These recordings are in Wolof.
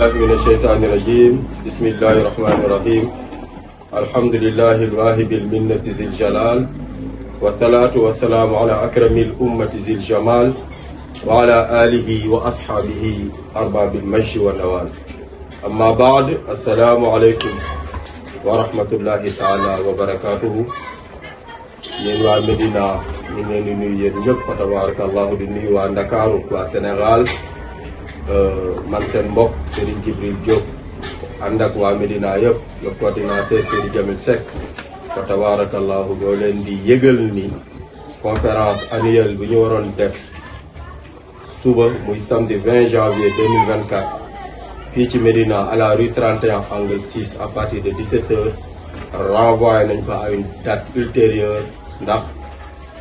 الله من الشيطان الرجيم بسم الله الرحمن الرحيم الحمد لله الواهب المنة ذي الجلال والصلاة والسلام على أكرم الأمة ذي الجمال وعلى آله وأصحابه أرباب المجد والنوال أما بعد السلام عليكم ورحمة الله تعالى وبركاته yéen waa Medina ñu ngi leen di nuyu yéen ñëpp fa tabaaraka allahu di nuyu waa Ndakaaru waa Sénégal Euh, man seen mbokk Serigne Jibril Diop ànd ak waa Medina yëpp le coordinateur Serigne Jamil Seck fa tabarakallahu ñoo leen di yëgal ni conférence annuelle bi ñu waroon def suba muy samedi 20 janvier 2024 fii ci Medina à la rue 31 angle 6 à partir de 17 heures renvoyé nañ ko à une date ultérieure ndax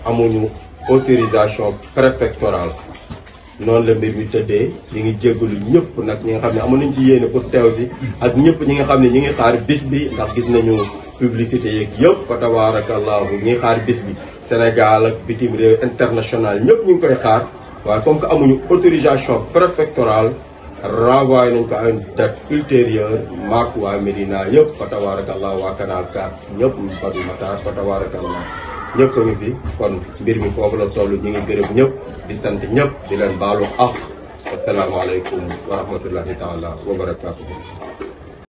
amuñu autorisation préfectorale noonu la mbir mi tëddee ñi ngi jéggalu ñëpp nag ñi nga xam ne amoon nañ ci yéene pour teew si ak ñëpp ñi nga xam ne ñi ngi xaar bis bi ndax gis nañu publicité yëpp fa tabaarakallaahu ñi xaar bis bi Sénégal ak bitim réew international ñëpp ñu ngi koy xaar waaye comme que amuñu autorisation préfectorale renvoyé ngi ko à une date ultérieure maak waa Médina yëpp fa tabaarakallaahu waa Canal 4 ñëpp ñu bari Matar fa ñëpp a ngi fi kon mbir mi foofu la toll ñu ngi gërëm ñëpp di sant ñëpp di leen baalu àq asalaamaaleykum wa rahmatullahi taala wa barakaatu.